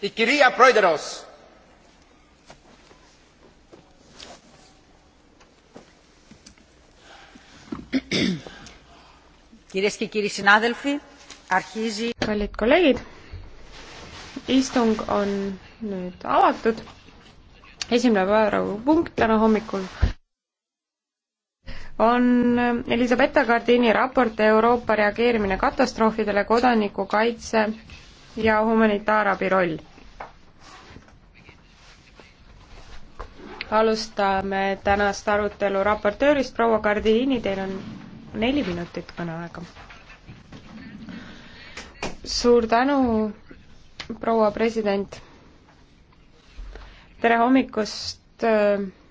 Η κυρία Πρόεδρος. Κυρίες και κύριοι συνάδελφοι, αρχίζει... Kallid kolleegid, istung on nüüd avatud. Esimene päevapunkt täna hommikul on Elisabetta Gardini raport Euroopa reageerimine katastroofidele kodanikukaitse ja humanitaarabi roll. alustame tänast arutelu raportöörist, proua Kardini, teil on neli minutit kõneaega. suur tänu, proua president. tere hommikust äh,